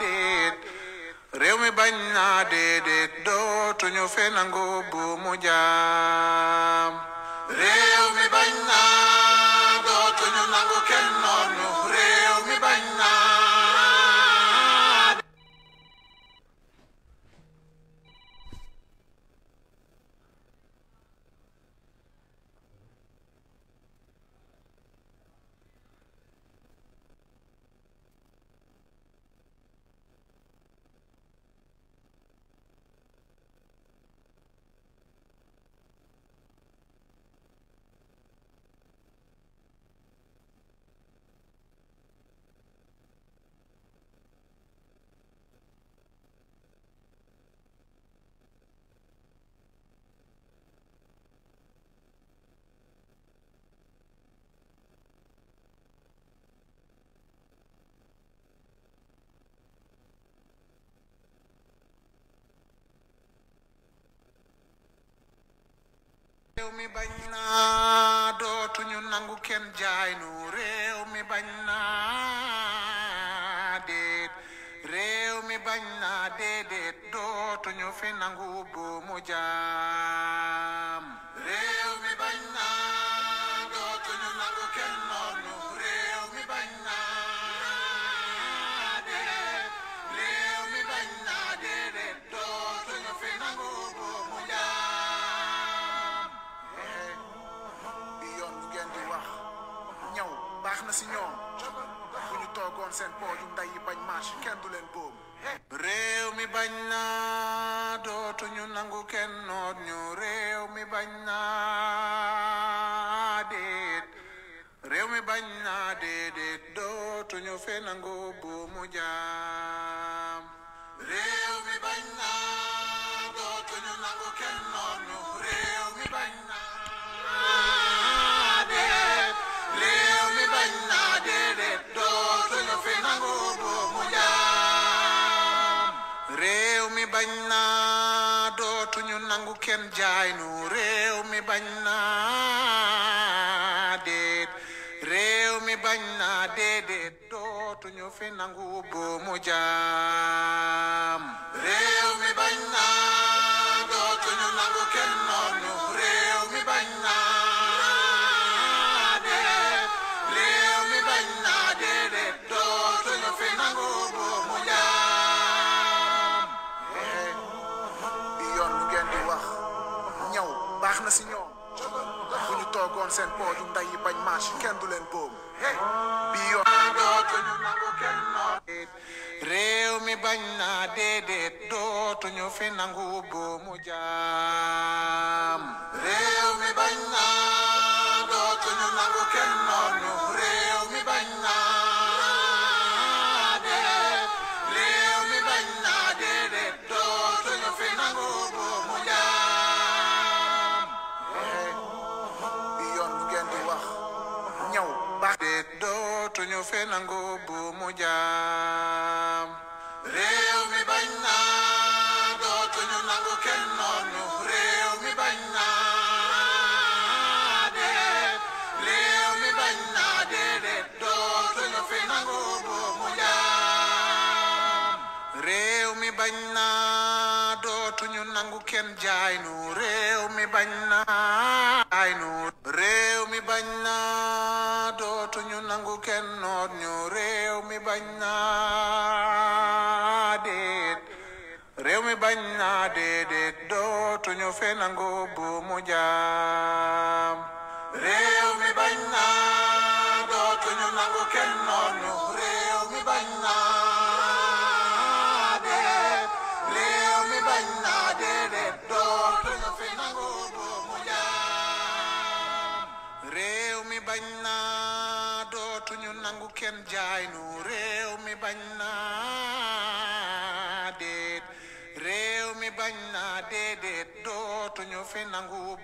déet réew mi bañ naa déedéet dootuñu fe nangu bu mu jaar réew mi bañ naa dootuñu nangu kenn jaay nu réew mi bañ naa déet réew mi bañ naa déedéet fi nangu bu mu seen pooju bañ marche kenn du leen boom réew mi bañ naa dootuñu nangu kenn noot ñu réew mi bañ naa déet réew mi bañ naa déedéet dootuñu fe nangu buumu jaar bañ naa dootuñu nangu kenn jaay nu réew mi bañ naa déet réew mi bañ naa déedéet dootuñu fi nangu boomu jaay doon seen pooju nday yi bañ marche kenn du leen boom réew mi bañ naa déedéet dootuñu fi nangu boomu jaam fee bu mu jaam mi bañ naa dootuñu nangu kenn noonu réew mi bañ naa dee réew mi bañ naa mu jaam nango bu mu na nguvu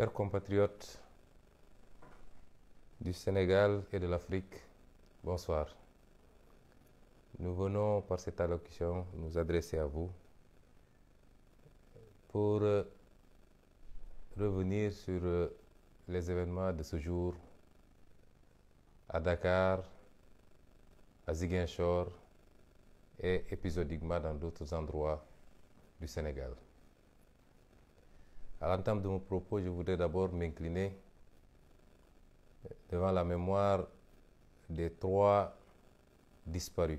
Chers compatriotes du Sénégal et de l'Afrique, bonsoir. Nous venons par cette allocution nous adresser à vous pour euh, revenir sur euh, les événements de ce jour à Dakar, à Ziguinchor et épisodiquement dans d'autres endroits du Sénégal. À l'entente de mon propos, je voudrais d'abord m'incliner devant la mémoire des trois disparus.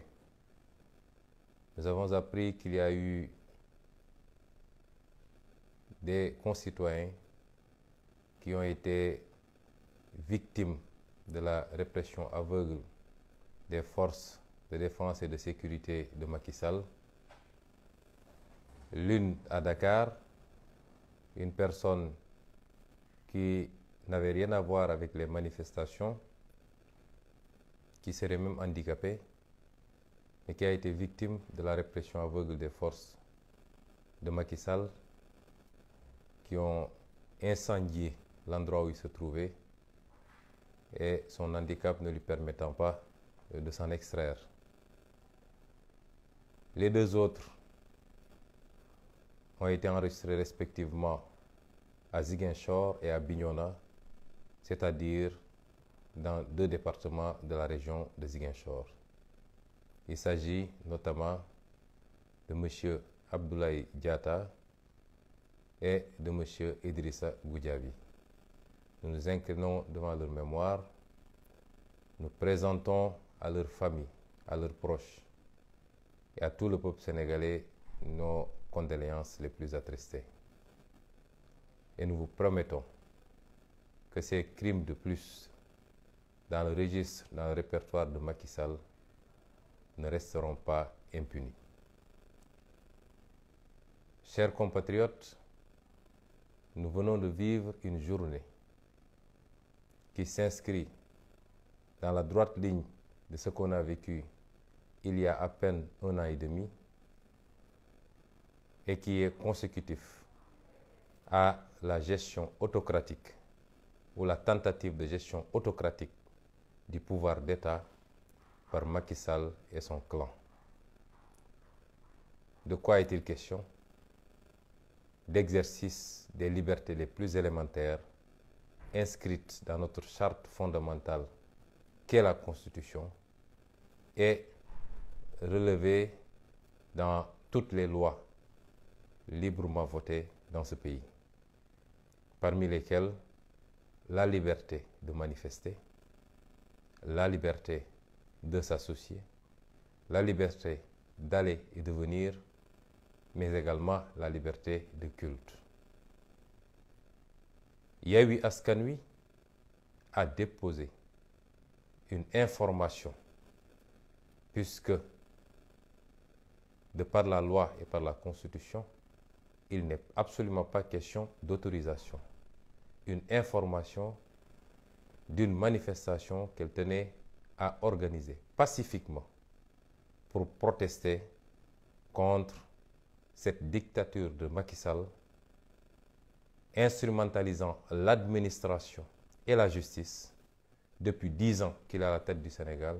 Nous avons appris qu'il y a eu des concitoyens qui ont été victimes de la répression aveugle des forces de défense et de sécurité de Macky Sall. L'une à Dakar, une personne qui n'avait rien à voir avec les manifestations, qui serait même handicapée, mais qui a été victime de la répression aveugle des forces de Macky Sall, qui ont incendié l'endroit où il se trouvait et son handicap ne lui permettant pas de s'en extraire. Les deux autres ont été enregistrés respectivement à Ziguinchor et à Bignona, c'est-à-dire dans deux départements de la région de Ziguinchor. Il s'agit notamment de M. Abdoulaye Diata et de M. Idrissa Goudjavi. Nous nous inclinons devant leur mémoire, nous présentons à leur famille, à leurs proches et à tout le peuple sénégalais nos condoléances les plus attristées. Et nous vous promettons que ces crimes de plus dans le registre, dans le répertoire de Macky Sall ne resteront pas impunis. Chers compatriotes, nous venons de vivre une journée qui s'inscrit dans la droite ligne de ce qu'on a vécu il y a à peine un an et demi et qui est consécutif à la gestion autocratique ou la tentative de gestion autocratique du pouvoir d'État par Macky Sall et son clan. De quoi est-il question D'exercice des libertés les plus élémentaires inscrites dans notre charte fondamentale qu'est la Constitution et relevées dans toutes les lois librement voté dans ce pays, parmi lesquels la liberté de manifester, la liberté de s'associer, la liberté d'aller et de venir, mais également la liberté de culte. Yahweh Askanui a déposé une information, puisque de par la loi et par la constitution, il n'est absolument pas question d'autorisation. Une information d'une manifestation qu'elle tenait à organiser pacifiquement pour protester contre cette dictature de Macky Sall, instrumentalisant l'administration et la justice depuis dix ans qu'il est à la tête du Sénégal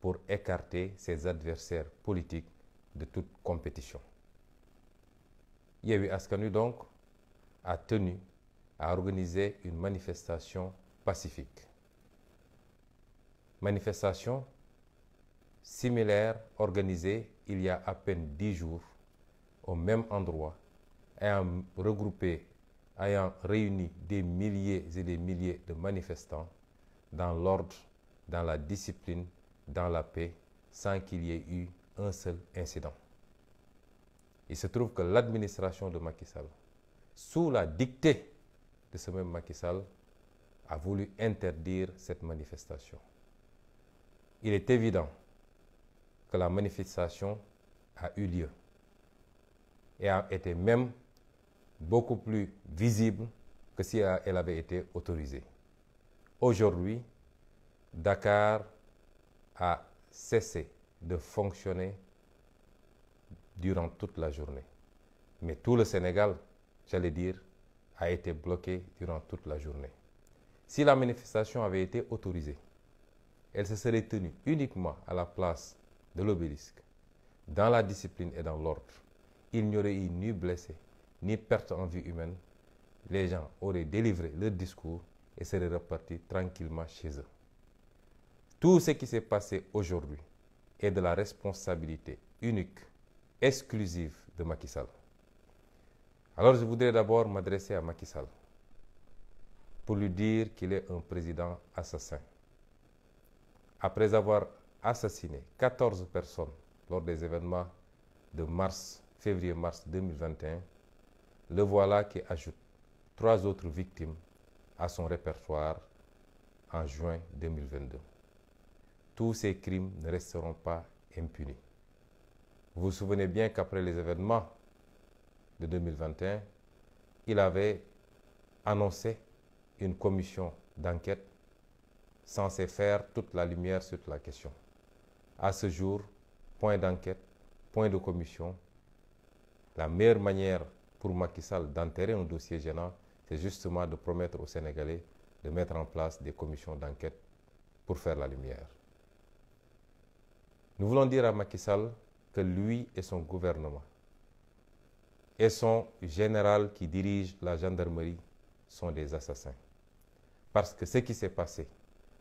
pour écarter ses adversaires politiques de toute compétition. Yewi Askanu donc a tenu à organiser une manifestation pacifique. Manifestation similaire organisée il y a à peine dix jours au même endroit, ayant regroupé, ayant réuni des milliers et des milliers de manifestants dans l'ordre, dans la discipline, dans la paix, sans qu'il y ait eu un seul incident. Il se trouve que l'administration de Macky Sall, sous la dictée de ce même Macky Sall, a voulu interdire cette manifestation. Il est évident que la manifestation a eu lieu et a été même beaucoup plus visible que si elle avait été autorisée. Aujourd'hui, Dakar a cessé de fonctionner durant toute la journée. Mais tout le Sénégal, j'allais dire, a été bloqué durant toute la journée. Si la manifestation avait été autorisée, elle se serait tenue uniquement à la place de l'obélisque, dans la discipline et dans l'ordre. Il n'y aurait eu ni blessés, ni perte en vie humaine. Les gens auraient délivré leur discours et seraient repartis tranquillement chez eux. Tout ce qui s'est passé aujourd'hui est de la responsabilité unique exclusive de Macky Sall. Alors je voudrais d'abord m'adresser à Macky Sall pour lui dire qu'il est un président assassin. Après avoir assassiné 14 personnes lors des événements de mars, février-mars 2021, le voilà qui ajoute trois autres victimes à son répertoire en juin 2022. Tous ces crimes ne resteront pas impunis. Vous vous souvenez bien qu'après les événements de 2021, il avait annoncé une commission d'enquête censée faire toute la lumière sur la question. À ce jour, point d'enquête, point de commission, la meilleure manière pour Macky Sall d'enterrer un dossier gênant, c'est justement de promettre aux Sénégalais de mettre en place des commissions d'enquête pour faire la lumière. Nous voulons dire à Macky Sall que lui et son gouvernement et son général qui dirige la gendarmerie sont des assassins. Parce que ce qui s'est passé,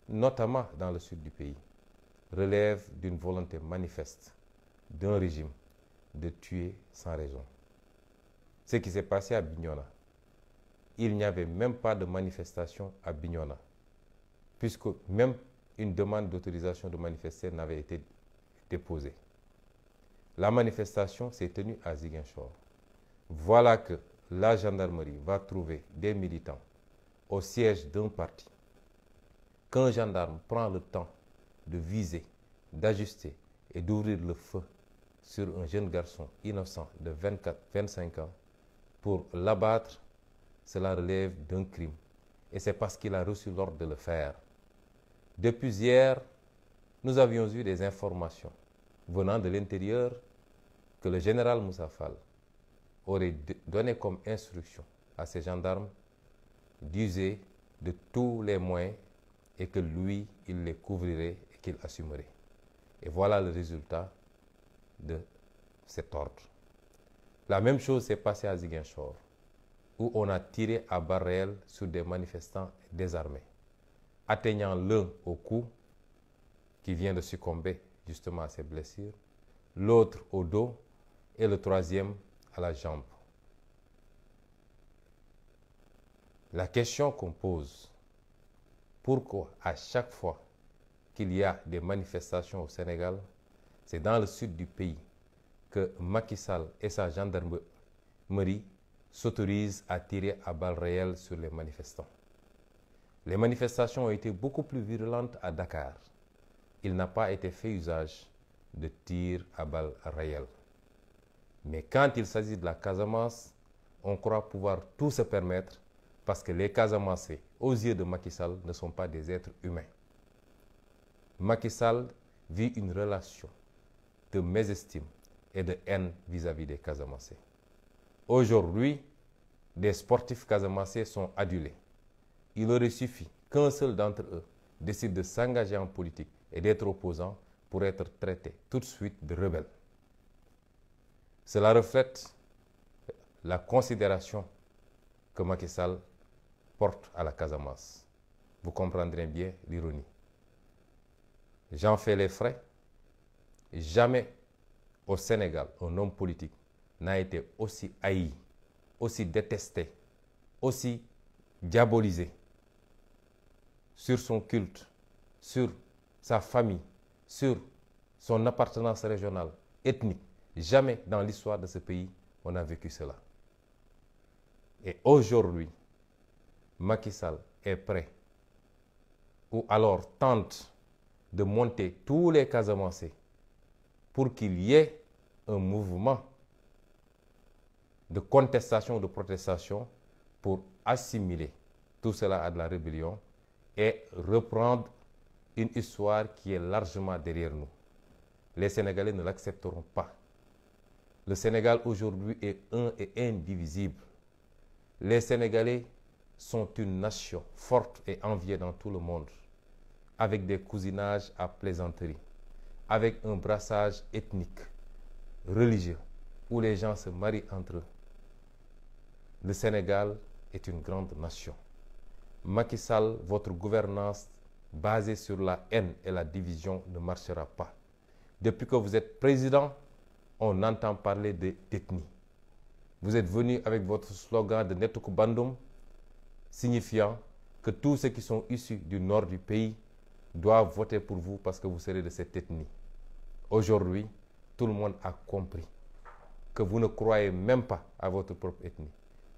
notamment dans le sud du pays, relève d'une volonté manifeste d'un régime de tuer sans raison. Ce qui s'est passé à Bignona, il n'y avait même pas de manifestation à Bignona, puisque même une demande d'autorisation de manifester n'avait été déposée. La manifestation s'est tenue à Ziguinchor. Voilà que la gendarmerie va trouver des militants au siège d'un parti. Qu'un gendarme prend le temps de viser, d'ajuster et d'ouvrir le feu sur un jeune garçon innocent de 24-25 ans pour l'abattre, cela relève d'un crime. Et c'est parce qu'il a reçu l'ordre de le faire. Depuis hier, nous avions eu des informations venant de l'intérieur que le général Moussa aurait donné comme instruction à ses gendarmes d'user de tous les moyens et que lui, il les couvrirait et qu'il assumerait. Et voilà le résultat de cet ordre. La même chose s'est passée à Ziguinchor, où on a tiré à barre réelle sur des manifestants désarmés, atteignant l'un au cou, qui vient de succomber justement à ses blessures, l'autre au dos, et le troisième à la jambe. La question qu'on pose, pourquoi à chaque fois qu'il y a des manifestations au Sénégal, c'est dans le sud du pays que Macky Sall et sa gendarmerie s'autorisent à tirer à balles réelles sur les manifestants. Les manifestations ont été beaucoup plus virulentes à Dakar. Il n'a pas été fait usage de tirs à balles réelles. Mais quand il s'agit de la Casamance, on croit pouvoir tout se permettre parce que les Casamancés, aux yeux de Macky Sall, ne sont pas des êtres humains. Macky Sall vit une relation de mésestime et de haine vis-à-vis des Casamancés. Aujourd'hui, des sportifs casamancés sont adulés. Il aurait suffi qu'un seul d'entre eux décide de s'engager en politique et d'être opposant pour être traité tout de suite de rebelle. Cela reflète la considération que Macky Sall porte à la Casamance. Vous comprendrez bien l'ironie. J'en fais les frais. Jamais au Sénégal, un homme politique n'a été aussi haï, aussi détesté, aussi diabolisé sur son culte, sur sa famille, sur son appartenance régionale, ethnique. Jamais dans l'histoire de ce pays, on a vécu cela. Et aujourd'hui, Macky Sall est prêt, ou alors tente de monter tous les cas avancés pour qu'il y ait un mouvement de contestation, de protestation pour assimiler tout cela à de la rébellion et reprendre une histoire qui est largement derrière nous. Les Sénégalais ne l'accepteront pas. Le Sénégal aujourd'hui est un et indivisible. Les Sénégalais sont une nation forte et enviée dans tout le monde, avec des cousinages à plaisanterie, avec un brassage ethnique, religieux, où les gens se marient entre eux. Le Sénégal est une grande nation. Macky Sall, votre gouvernance basée sur la haine et la division ne marchera pas. Depuis que vous êtes président, on entend parler de d'ethnie. Vous êtes venu avec votre slogan de Netokubandum, signifiant que tous ceux qui sont issus du nord du pays doivent voter pour vous parce que vous serez de cette ethnie. Aujourd'hui, tout le monde a compris que vous ne croyez même pas à votre propre ethnie.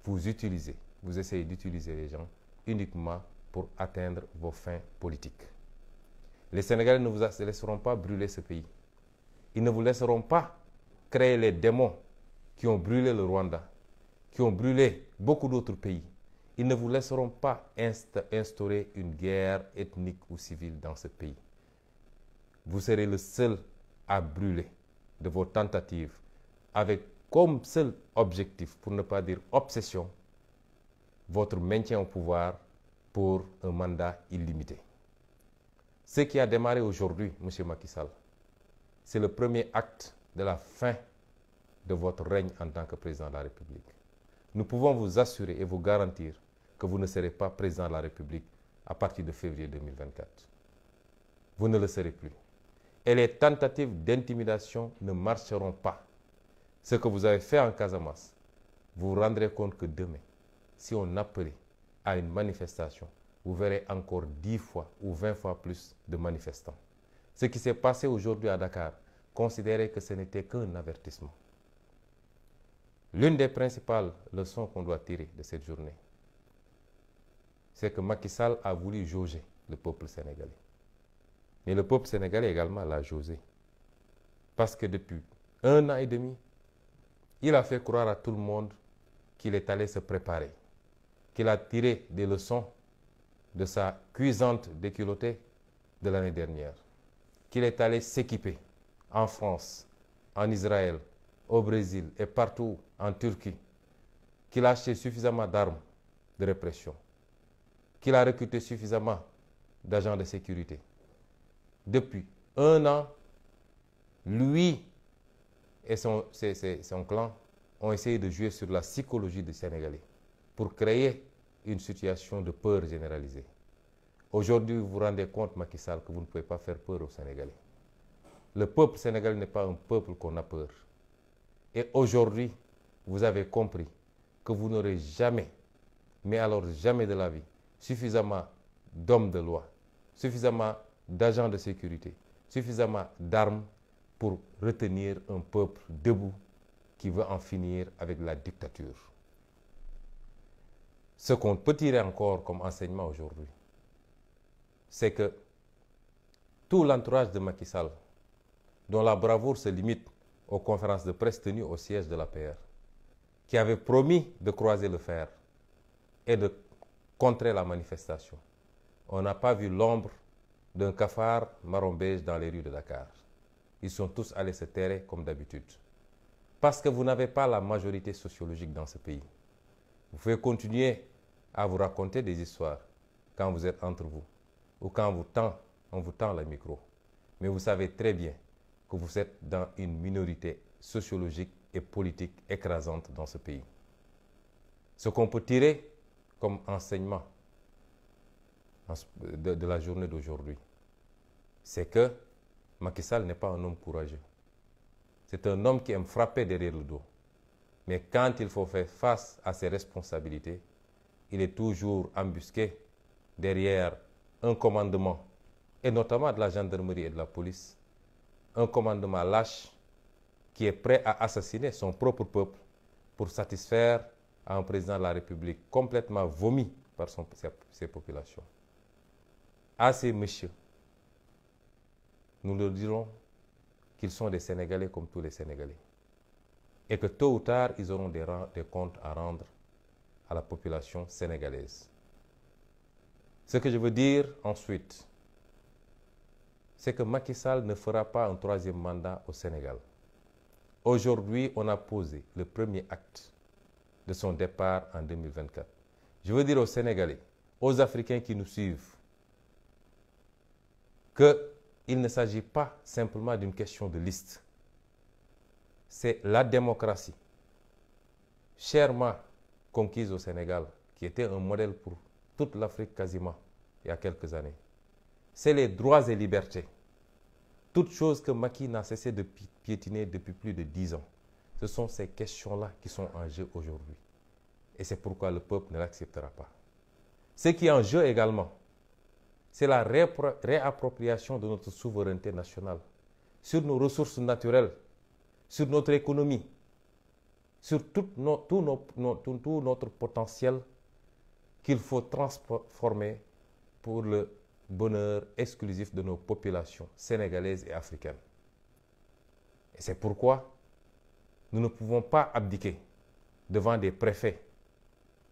Vous utilisez, vous essayez d'utiliser les gens uniquement pour atteindre vos fins politiques. Les Sénégalais ne vous laisseront pas brûler ce pays. Ils ne vous laisseront pas Créer les démons qui ont brûlé le Rwanda, qui ont brûlé beaucoup d'autres pays. Ils ne vous laisseront pas instaurer une guerre ethnique ou civile dans ce pays. Vous serez le seul à brûler de vos tentatives avec comme seul objectif, pour ne pas dire obsession, votre maintien au pouvoir pour un mandat illimité. Ce qui a démarré aujourd'hui, M. Macky c'est le premier acte de la fin de votre règne en tant que président de la République. Nous pouvons vous assurer et vous garantir que vous ne serez pas président de la République à partir de février 2024. Vous ne le serez plus. Et les tentatives d'intimidation ne marcheront pas. Ce que vous avez fait en Casamance, vous vous rendrez compte que demain, si on appelait à une manifestation, vous verrez encore 10 fois ou 20 fois plus de manifestants. Ce qui s'est passé aujourd'hui à Dakar considérait que ce n'était qu'un avertissement. L'une des principales leçons qu'on doit tirer de cette journée, c'est que Macky Sall a voulu jauger le peuple sénégalais. Mais le peuple sénégalais également l'a jaugé. Parce que depuis un an et demi, il a fait croire à tout le monde qu'il est allé se préparer, qu'il a tiré des leçons de sa cuisante déculottée de l'année dernière, qu'il est allé s'équiper, en France, en Israël, au Brésil et partout en Turquie, qu'il a acheté suffisamment d'armes de répression, qu'il a recruté suffisamment d'agents de sécurité. Depuis un an, lui et son, clan ont essayé de jouer sur la psychologie des Sénégalais pour créer une situation de peur généralisée. Aujourd'hui, vous vous rendez compte, Macky Sall, que vous ne pouvez pas faire peur aux Sénégalais. Le peuple sénégalais n'est pas un peuple qu'on a peur. Et aujourd'hui, vous avez compris que vous n'aurez jamais, mais alors jamais de la vie, suffisamment d'hommes de loi, suffisamment d'agents de sécurité, suffisamment d'armes pour retenir un peuple debout qui veut en finir avec la dictature. Ce qu'on peut tirer encore comme enseignement aujourd'hui, c'est que tout l'entourage de Macky Sall dont la bravoure se limite aux conférences de presse tenues au siège de la PR, qui avait promis de croiser le fer et de contrer la manifestation. On n'a pas vu l'ombre d'un cafard marron beige dans les rues de Dakar. Ils sont tous allés se terrer comme d'habitude. Parce que vous n'avez pas la majorité sociologique dans ce pays. Vous pouvez continuer à vous raconter des histoires quand vous êtes entre vous ou quand vous tend, on vous tend le micro. Mais vous savez très bien vous êtes dans une minorité sociologique et politique écrasante dans ce pays. Ce qu'on peut tirer comme enseignement de, de la journée d'aujourd'hui, c'est que Macky Sall n'est pas un homme courageux. C'est un homme qui aime frapper derrière le dos. Mais quand il faut faire face à ses responsabilités, il est toujours embusqué derrière un commandement, et notamment de la gendarmerie et de la police, un commandement lâche qui est prêt à assassiner son propre peuple pour satisfaire à un président de la République complètement vomi par son, ses, populations. À ces messieurs, nous leur dirons qu'ils sont des Sénégalais comme tous les Sénégalais et que tôt ou tard, ils auront des comptes à rendre à la population sénégalaise. Ce que je veux dire ensuite, c'est que Macky Sall ne fera pas un troisième mandat au Sénégal. Aujourd'hui, on a posé le premier acte de son départ en 2024. Je veux dire aux Sénégalais, aux Africains qui nous suivent, qu'il ne s'agit pas simplement d'une question de liste. C'est la démocratie, chèrement conquise au Sénégal, qui était un modèle pour toute l'Afrique quasiment il y a quelques années. C'est les droits et libertés toute chose que Maki n'a cessé de piétiner depuis plus de dix ans, ce sont ces questions-là qui sont en jeu aujourd'hui. Et c'est pourquoi le peuple ne l'acceptera pas. Ce qui est en jeu également, c'est la réappropriation de notre souveraineté nationale sur nos ressources naturelles, sur notre économie, sur tout, tout notre potentiel qu'il faut transformer pour le bonheur exclusif de nos populations sénégalaises et africaines. Et c'est pourquoi nous ne pouvons pas abdiquer devant des préfets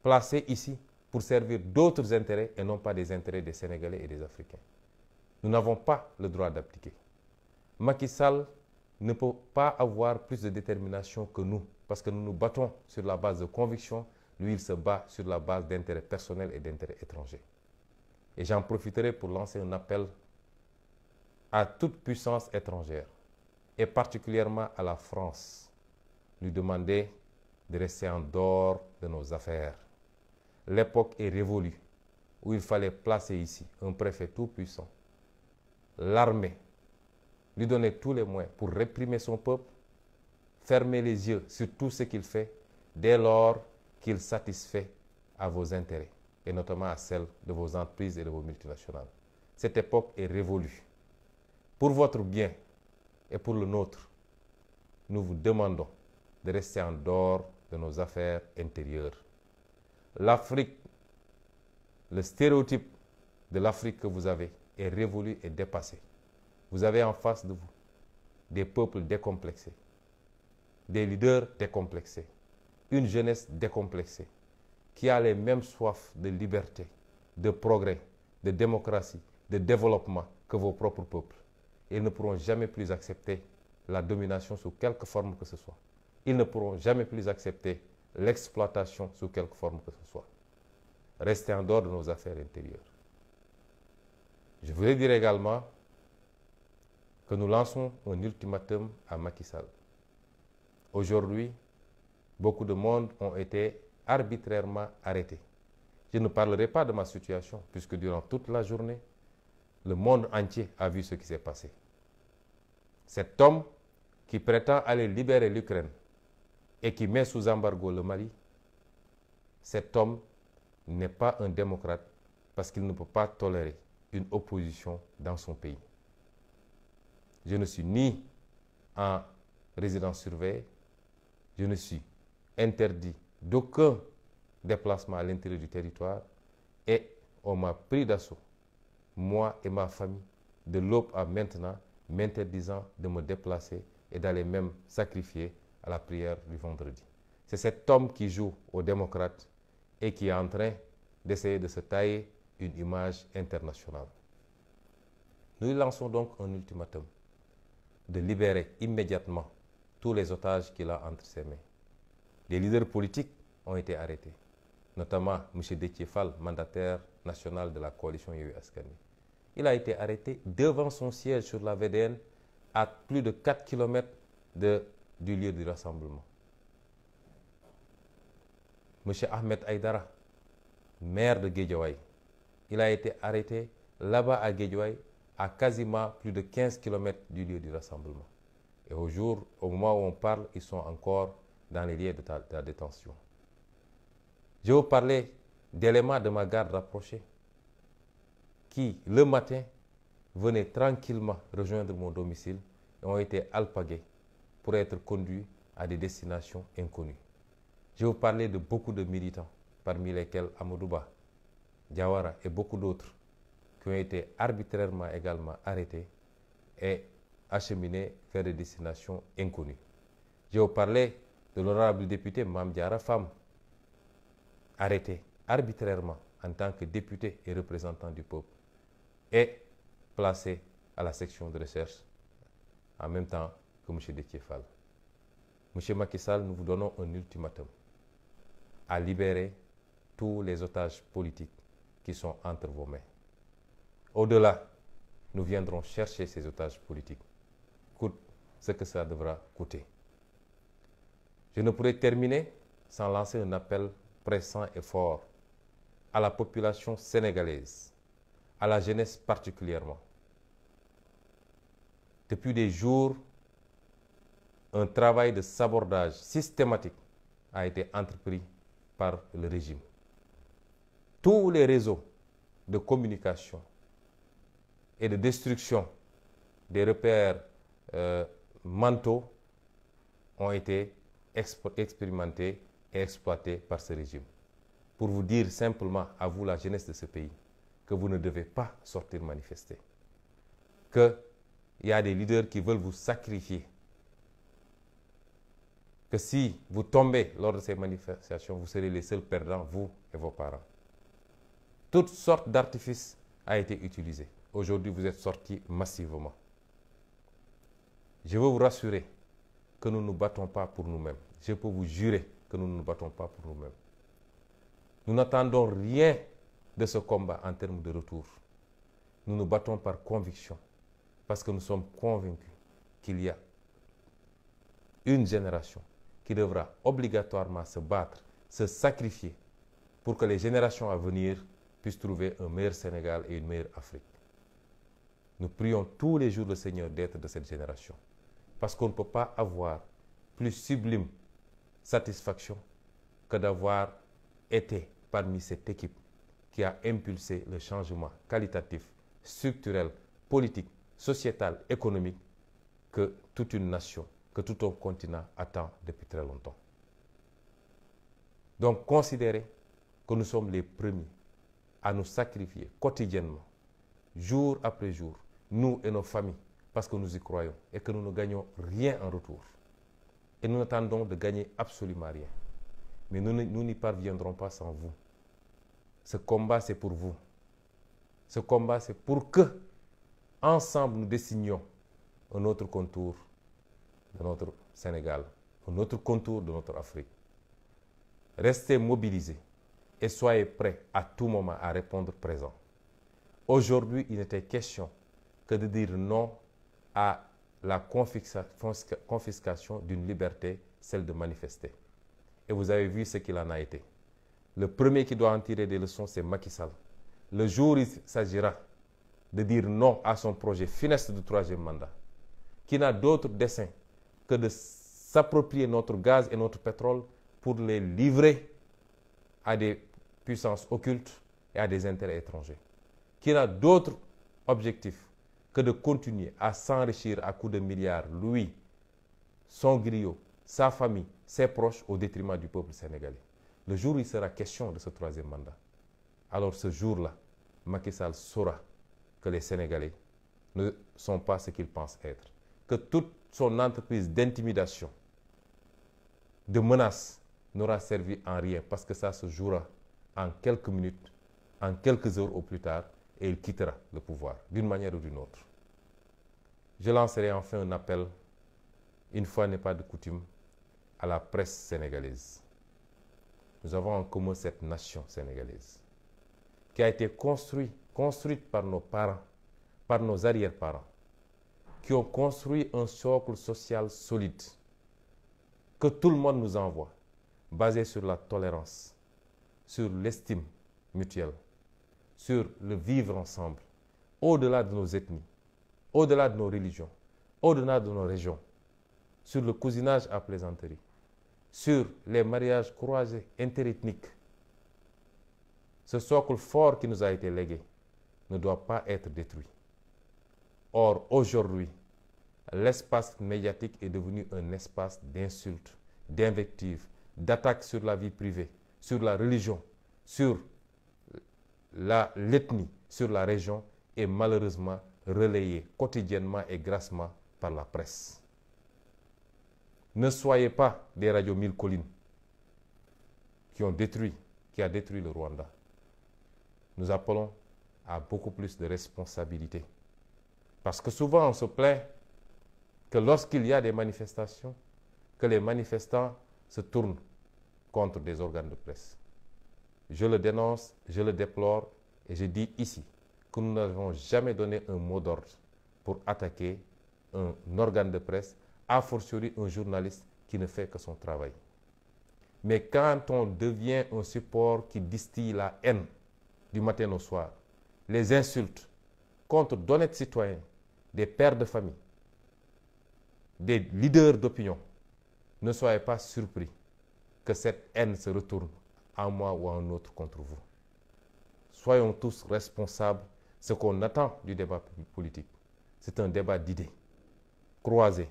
placés ici pour servir d'autres intérêts et non pas des intérêts des Sénégalais et des Africains. Nous n'avons pas le droit d'abdiquer. Macky Sall ne peut pas avoir plus de détermination que nous parce que nous nous battons sur la base de convictions, lui il se bat sur la base d'intérêts personnels et d'intérêts étrangers. Et j'en profiterai pour lancer un appel à toute puissance étrangère, et particulièrement à la France, lui demander de rester en dehors de nos affaires. L'époque est révolue où il fallait placer ici un préfet tout-puissant, l'armée, lui donner tous les moyens pour réprimer son peuple, fermer les yeux sur tout ce qu'il fait dès lors qu'il satisfait à vos intérêts et notamment à celle de vos entreprises et de vos multinationales. Cette époque est révolue. Pour votre bien et pour le nôtre, nous vous demandons de rester en dehors de nos affaires intérieures. L'Afrique, le stéréotype de l'Afrique que vous avez est révolu et dépassé. Vous avez en face de vous des peuples décomplexés, des leaders décomplexés, une jeunesse décomplexée, qui a les mêmes soifs de liberté, de progrès, de démocratie, de développement que vos propres peuples. Ils ne pourront jamais plus accepter la domination sous quelque forme que ce soit. Ils ne pourront jamais plus accepter l'exploitation sous quelque forme que ce soit. Restez en dehors de nos affaires intérieures. Je voudrais dire également que nous lançons un ultimatum à Macky Sall. Aujourd'hui, beaucoup de monde ont été arbitrairement arrêté. Je ne parlerai pas de ma situation, puisque durant toute la journée, le monde entier a vu ce qui s'est passé. Cet homme qui prétend aller libérer l'Ukraine et qui met sous embargo le Mali, cet homme n'est pas un démocrate parce qu'il ne peut pas tolérer une opposition dans son pays. Je ne suis ni en résidence surveillée, je ne suis interdit d'aucun déplacement à l'intérieur du territoire et on m'a pris d'assaut, moi et ma famille, de l'aube à maintenant, m'interdisant de me déplacer et d'aller même sacrifier à la prière du vendredi. C'est cet homme qui joue aux démocrates et qui est en train d'essayer de se tailler une image internationale. Nous lançons donc un ultimatum de libérer immédiatement tous les otages qu'il a entre ses mains des leaders politiques ont été arrêtés, notamment M. Détiefal, mandataire national de la coalition eu Askani. Il a été arrêté devant son siège sur la VDN à plus de 4 km du lieu du rassemblement. M. Ahmed Aydara, maire de Guédiouaï, il a été arrêté là-bas à Guédiouaï, à quasiment plus de 15 km du lieu du rassemblement. Et au jour, au moment où on parle, ils sont encore dans les lieux de ta, détention. Je vous parlais d'éléments de ma garde rapprochée qui, le matin, venaient tranquillement rejoindre mon domicile et ont été alpagués pour être conduits à des destinations inconnues. Je vous parlais de beaucoup de militants, parmi lesquels Amadouba, Diawara et beaucoup d'autres, qui ont été arbitrairement également arrêtés et acheminés vers des destinations inconnues. Je vous parlais de l'honorable député Mamdi femme, arrêté arbitrairement en tant que député et représentant du peuple, est placé à la section de recherche en même temps que M. Dekiefal. M. Makissal, nous vous donnons un ultimatum à libérer tous les otages politiques qui sont entre vos mains. Au-delà, nous viendrons chercher ces otages politiques, coûte ce que ça devra coûter. Je ne pourrais terminer sans lancer un appel pressant et fort à la population sénégalaise, à la jeunesse particulièrement. Depuis des jours, un travail de sabordage systématique a été entrepris par le régime. Tous les réseaux de communication et de destruction des repères euh, mentaux ont été expérimenté et exploité par ce régime. Pour vous dire simplement à vous, la jeunesse de ce pays, que vous ne devez pas sortir manifester. Que il y a des leaders qui veulent vous sacrifier. Que si vous tombez lors de ces manifestations, vous serez les seuls perdants, vous et vos parents. Toutes sortes d'artifices a été utilisé. Aujourd'hui, vous êtes sortis massivement. Je veux vous rassurer, que nous ne nous battons pas pour nous-mêmes. Je peux vous jurer que nous ne nous battons pas pour nous-mêmes. Nous n'attendons rien de ce combat en termes de retour. Nous nous battons par conviction, parce que nous sommes convaincus qu'il y a une génération qui devra obligatoirement se battre, se sacrifier pour que les générations à venir puissent trouver un meilleur Sénégal et une meilleure Afrique. Nous prions tous les jours le Seigneur d'être de cette génération. Parce qu'on ne peut pas avoir plus sublime satisfaction que d'avoir été parmi cette équipe qui a impulsé le changement qualitatif, structurel, politique, sociétal, économique que toute une nation, que tout un continent attend depuis très longtemps. Donc considérez que nous sommes les premiers à nous sacrifier quotidiennement, jour après jour, nous et nos familles, parce que nous y croyons et que nous ne gagnons rien en retour. Et nous n'attendons de gagner absolument rien. Mais nous n'y parviendrons pas sans vous. Ce combat, c'est pour vous. Ce combat, c'est pour que, ensemble, nous dessinions un autre contour de notre Sénégal, un autre contour de notre Afrique. Restez mobilisés et soyez prêts à tout moment à répondre présent. Aujourd'hui, il était question que de dire non à la confiscation d'une liberté, celle de manifester. Et vous avez vu ce qu'il en a été. Le premier qui doit en tirer des leçons, c'est Macky Sall. Le jour où il s'agira de dire non à son projet funeste de troisième mandat, qui n'a d'autre dessein que de s'approprier notre gaz et notre pétrole pour les livrer à des puissances occultes et à des intérêts étrangers, qui n'a d'autre objectif que de continuer à s'enrichir à coups de milliards, lui, son griot, sa famille, ses proches, au détriment du peuple sénégalais. Le jour où il sera question de ce troisième mandat, alors ce jour-là, Macky Sall saura que les Sénégalais ne sont pas ce qu'ils pensent être. Que toute son entreprise d'intimidation, de menace, n'aura servi en rien parce que ça se jouera en quelques minutes, en quelques heures au plus tard, et il quittera le pouvoir, d'une manière ou d'une autre. Je lancerai enfin un appel, une fois n'est pas de coutume, à la presse sénégalaise. Nous avons en commun cette nation sénégalaise qui a été construite, construite par nos parents, par nos arrière-parents, qui ont construit un socle social solide que tout le monde nous envoie, basé sur la tolérance, sur l'estime mutuelle, sur le vivre ensemble, au-delà de nos ethnies, au-delà de nos religions, au-delà de nos régions, sur le cousinage à plaisanterie, sur les mariages croisés interethniques. Ce socle fort qui nous a été légué ne doit pas être détruit. Or, aujourd'hui, l'espace médiatique est devenu un espace d'insultes, d'invectives, d'attaques sur la vie privée, sur la religion, sur l'ethnie sur la région est malheureusement relayée quotidiennement et grassement par la presse. Ne soyez pas des radios mille collines qui ont détruit, qui a détruit le Rwanda. Nous appelons à beaucoup plus de responsabilité. Parce que souvent on se plaint que lorsqu'il y a des manifestations, que les manifestants se tournent contre des organes de presse. Je le dénonce, je le déplore et je dis ici que nous n'avons jamais donné un mot d'ordre pour attaquer un organe de presse, a fortiori un journaliste qui ne fait que son travail. Mais quand on devient un support qui distille la haine du matin au soir, les insultes contre d'honnêtes citoyens, des pères de famille, des leaders d'opinion, ne soyez pas surpris que cette haine se retourne à moi ou à un autre contre vous. Soyons tous responsables. Ce qu'on attend du débat politique, c'est un débat d'idées croisées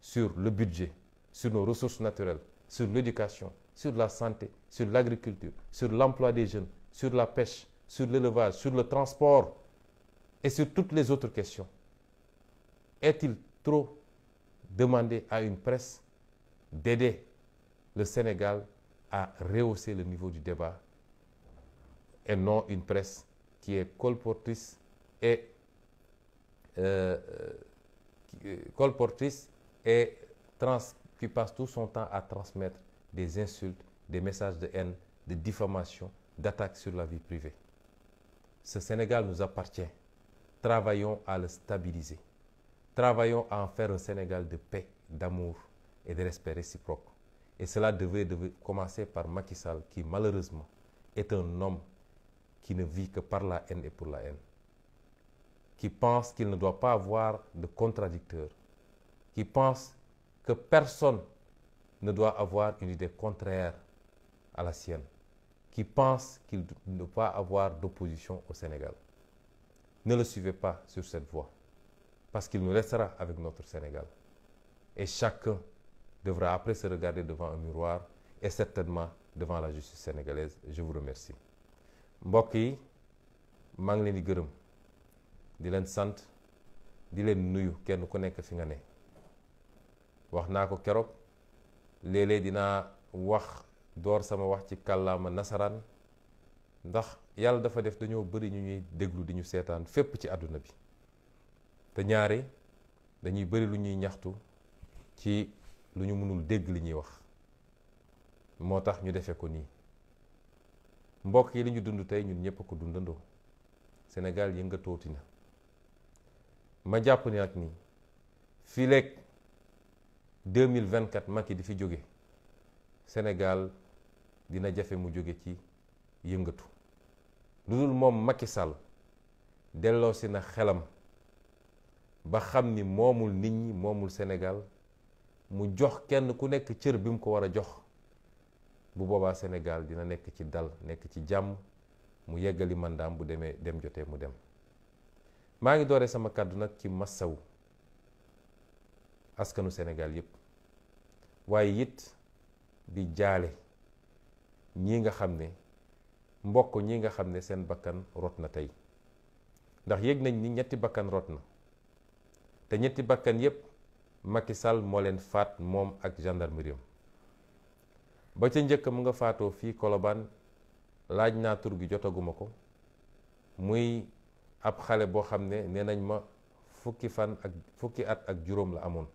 sur le budget, sur nos ressources naturelles, sur l'éducation, sur la santé, sur l'agriculture, sur l'emploi des jeunes, sur la pêche, sur l'élevage, sur le transport et sur toutes les autres questions. Est-il trop demandé à une presse d'aider le Sénégal à rehausser le niveau du débat et non une presse qui est colportrice et, euh, euh, colportrice et trans, qui passe tout son temps à transmettre des insultes, des messages de haine, de diffamation, d'attaques sur la vie privée. Ce Sénégal nous appartient. Travaillons à le stabiliser. Travaillons à en faire un Sénégal de paix, d'amour et de respect réciproque. Et cela devait, commencer par Macky Sall, qui malheureusement est un homme qui ne vit que par la haine et pour la haine, qui pense qu'il ne doit pas avoir de contradicteur, qui pense que personne ne doit avoir une idée contraire à la sienne, qui pense qu'il ne doit pas avoir d'opposition au Sénégal. Ne le suivez pas sur cette voie, parce qu'il nous laissera avec notre Sénégal. Et chacun devra après se regarder devant un miroir et certainement devant la justice sénégalaise je vous remercie mbokk Manglini maa ngi di gërëm di sant di leen nuyu kenn ku nekk fi nga ne wax naa ko keroog léeg-léeg dinaa wax door sama wax ci kàllaama nasaraan ndax dafa def dañoo bëri ñu ñuy di ñu seetaan fépp ci àdduna bi te ñaare dañuy bëri lu ñaxtu ci lu ñu mënul dégg li ñuy wax moo tax ñu defee ko nii mbokk yi li ñu dund tey ñun ñëpp ko dundandoo Sénégal yëngatooti na ma jàpp ne ak ni fii leeg 2024 yi di fi jóge Sénégal dina jafe mu jóge ci yëngatu lu dul moom Macky Sall delloosi na xelam ba xam ni moomul nit ñi moomul Sénégal mu jox kenn ku nekk cër bi mu ko war a jox bu boobaa Sénégal dina nekk ci dal nekk ci jàmm mu yeggali mandaam bu demee dem jotee mu dem maa ngi dooree sama kàddu nag ci massaw askanu Sénégal yépp waaye it bi jaale ñi nga xam ne mbokk ñi nga xam ne seen bakkan rot na tey ndax yëg nañ ni ñetti bakkan rot na te ñetti bakkan yépp Macky Sall moo leen faat moom ak gendarmerie ba ca njëkk mu nga faatoo fii Colobane laaj naa tur gi jotaguma ko muy ab xale boo xam ne nee nañ ma fukki fan ak fukki at ak juróom la amoon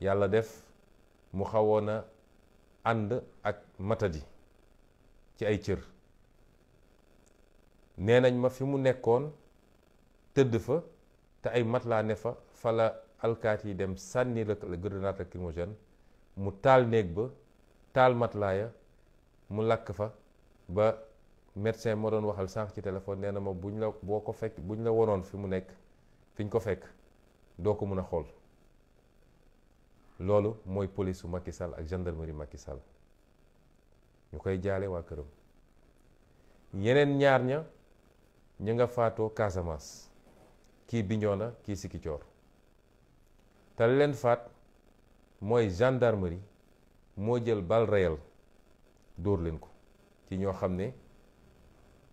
yàlla def mu xawoon a ànd ak matadi ci ay cër nee nañ ma fi mu nekkoon tëdd fa te ay mat laa ne fa fa la alkaati yi dem sànni la grenade lacrymogène mu taal néeg ba taal matlaaya mu lakk fa ba médecin moo doon waxal sànq ci téléphone nee na ma buñ la boo ko fekk buñ la wonoon fi mu nekk fiñ ko fekk doo ko mën a xool loolu mooy police su Macky Sall ak gendarmerie Macky Sall ñu koy jaale waa këram yeneen ñaar ña ñu nga faatoo Casamance kii Bignona kii Ziguinchor te leen faat mooy gendarmerie moo jël balle réelle dóorleen ko ci ñoo xam ne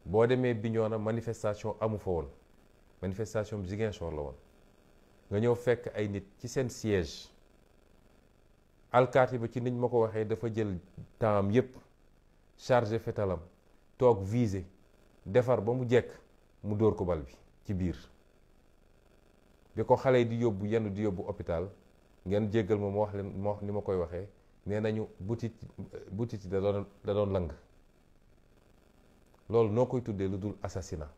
boo demee Bignona manifestation amu fa woon manifestation bi Ziguinchor la woon nga ñëw fekk ay nit ci seen siège alkaati ba ci niñ ma ko waxee dafa jël temps am yépp chargé fetalam toog visé defar ba mu jekk mu dóor ko bal bi ci biir bi ko xale yi di yóbbu yenn di yóbbu hôpital ngeen jéggal ma ma wax leen ma ni ma koy waxee nee nañu butit butit da doon da doon lang loolu noo koy tuddee lu dul assassinat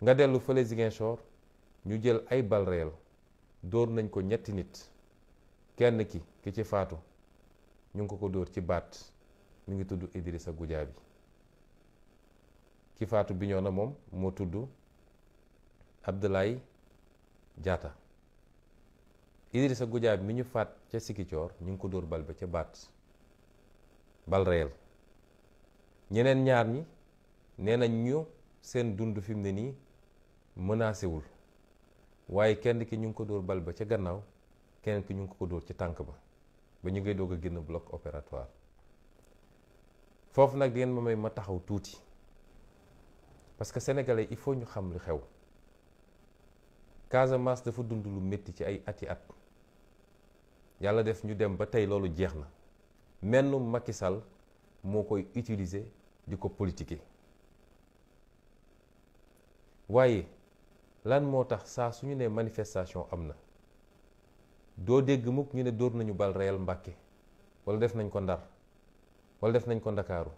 nga dellu fële Ziguinchor ñu jël ay bal dóor nañ ko ñetti nit kenn ki ki ci faatu ñu ngi ko ko dóor ci baat mu ngi tudd Idrissa Goudiaby ki faatu bi ñoo na moom moo tudd Abdoulaye Diatta Idrissa Goudiaby mi ñu faat ca Sikicoor ñu ngi ko dóor bal ba ca baat bal réel ñeneen ñaar ñi nee nañ ñu seen dund fi mu ne nii menacé wul waaye kenn ki ñu ngi ko dóor bal ba ca gannaaw kenn ki ñu ngi ko dóor ci tànk ba ba ñu ngay doog a génn bloc opératoire foofu nag di ngeen ma may ma taxaw tuuti parce que sénégalais il faut ñu xam lu xew. Casamance dafa dund lu ci ay ati at yalla def ñu dem ba tay lolu jeexna na Macky Sall moo koy utiliser diko politiquer waye lan motax sa suñu né manifestation amna do doo dégg mukk ñu né dóor nañu bal reyal mbacké wala def nañ ko Ndar wala def nañ ko Ndakaaru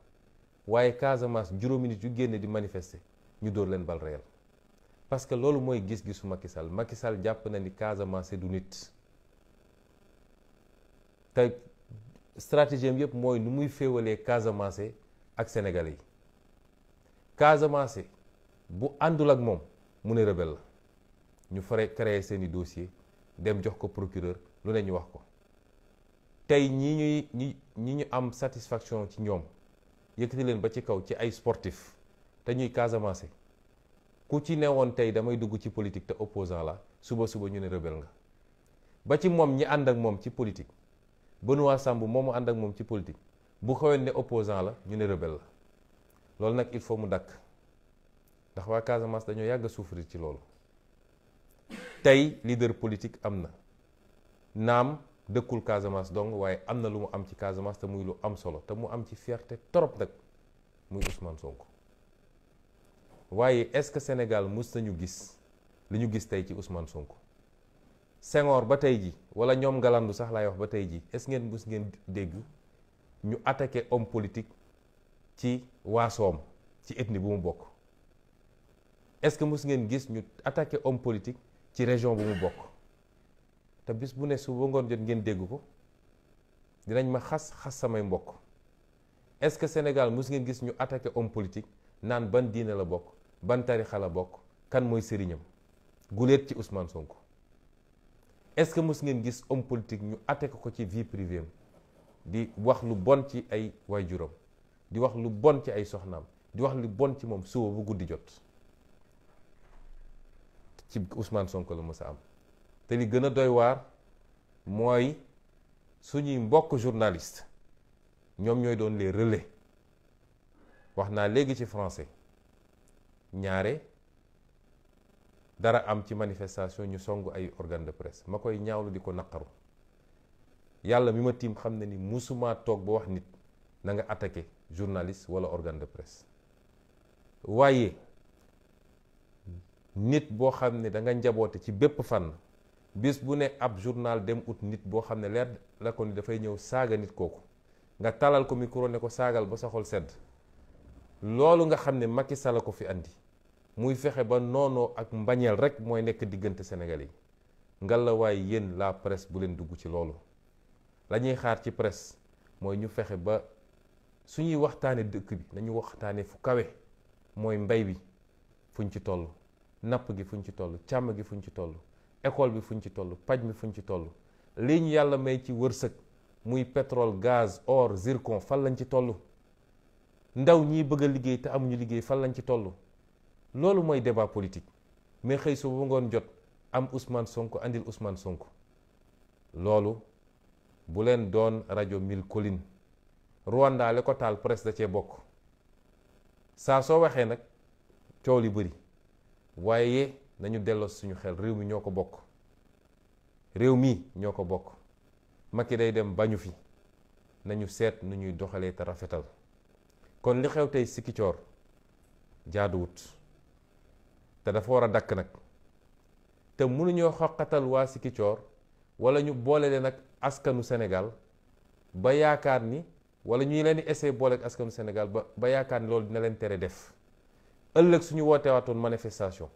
waye Casamance juro minute yu génné di manifester ñu dóor leen bal parce que lolu moy gis-gisu Macky Sall Macky Sall japp na ni Casamance du nit tay stratégie am moy nu muy féewalee Casamance ak Sénégalais Casamance bu àndul ak mom mu rebelle ñu fare créer seeni dossier dem jox ko procureur lu ne ñu wax ko tay ñi ñuy ñi ñi ñu am satisfaction ci ñom yëkkati leen ba ci kaw ci ay sportif te ñuy Casamance ku ci newoon tey damay dugg ci politique te opposant la suba suba ñu ne rebelle nga ba ci moom ñi ànd ak moom ci politique Benoît Sambou moomu ànd ak moom ci politique bu xewoon ne opposant la ñu ne rebelle la loolu nag il faut mu dakk ndax waa Casamance dañoo yàgg a ci loolu tey leader politique am na naam dëkkul Casamance donc waaye am na lu mu am ci Casamance te muy lu am solo te mu am ci fierté trop nag muy Ousmane Sonko. waye est-ce que Sénégal nyugis nañu gis li ñu gis tay ci Ousmane Sonko Senghor ba tay ji wala ñom galandu sax lay wax ba tay ji est-ce ngeen bus ngeen dégg ñu attaquer homme politique ci wasom ci ethnie bu mu bok est-ce que mus ngeen gis ñu attaquer homme politique ci région bu mu bok ta bis bu ne su bo ngon jot ngeen dégg ko dinañ ma xass xass samay mbok est-ce que Sénégal mus ngeen gis ñu attaquer homme politique nan ban diine la bok ban tarixa la bokk kan mooy sëriñam guléet ci Ousmane Sonko est-ce que mos ngeen gis homme politique ñu attaqué ko ci vie privée am di wax lu bon ci ay waajuram di wax lu bon ci ay soxnaam di wax lu bon ci moom suba bu guddi jot ci Ousmane Sonko la mës a am te li gën a doy waar mooy suñuy mbokk journaliste ñoom ñooy doon les relais wax naa léegi ci français Nyare, dara am ci manifestation ñu songu ay organe de presse makoy ñaawlu di nakaru yalla yàlla mi ma ni musuma tok bo wax nit na nga jurnalis journaliste wala organe de presse waye nit bo xamne da nga njabote ci bépp fan bis bu ne ab journal dem ut nit bo xamne ne la ko ni fay ñew saga nit koku nga talal ko micro ne ko sagal ba sa xol sedd loolu nga xam ne Macky Sall ko fi andi muy fexe ba noonoo ak mbañeel rek mooy nekk diggante Sénégal yi ngalawaay yéen laa presse bu leen dugg ci loolu la ñuy xaar ci presse mooy ñu fexe ba suñuy waxtaanee dëkk bi nañu waxtaane fu kawe mooy mbay bi fuñ ci toll napp gi fuñ ci toll càmm gi fuñ ci toll école bi fuñ ci toll paj mi fuñ ci toll lii yàlla may ci wërsëg muy pétrole gaz or zircon fan lañ ci toll ndaw ñiy bëgg a liggéey te amuñu liggéey fan lañ ci toll loolu mooy débat politique mais xëy su ba ngoon jot am Ousmane sonk andil Ousmane Sonko loolu bu leen doon rajo mille collines Rwanda la ko taal presse da cee bokk saa soo waxee nag coow li bëri waaye nañu delloo suñu xel réew mi ñoo ko bokk réew mi ñoo ko bokk Macky day dem bañu fi nañu seet nu ñuy doxalee te rafetal kon li xew tey sikki coor jaaduwut te dafa war a dakk nag te mënuñoo xoqatal waa sikki coor wala ñu boole leen ak askanu Sénégal ba yaakaar ni wala ñuy leen di essayer boole ak askanu Sénégal ba ba yaakaar ni loolu dina leen tere def ëllëg suñu wooteewaatoon manifestation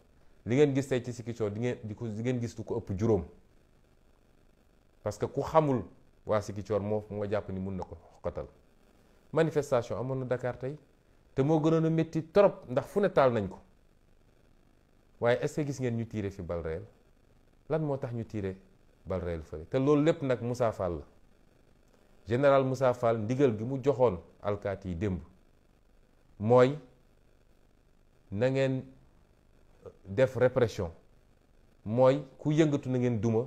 li ngeen gis tey ci sikki di ngeen di ko di ngeen gis du ko ëpp juróom parce que ku xamul waa sikki coor moo moo jàpp ni mun na ko xoqatal manifestation amoon na Dakar tey te moo gënoon a métti trop ndax fu ne taal nañ ko waaye est gis ngeen ñu tiire fi bal lan moo tax ñu tiire bal fële te loolu lépp nag Moussa Fall la général Moussa Fall ndigal gi mu joxoon alkaati yi démb mooy na ngeen def répression mooy ku yëngatu na ngeen duma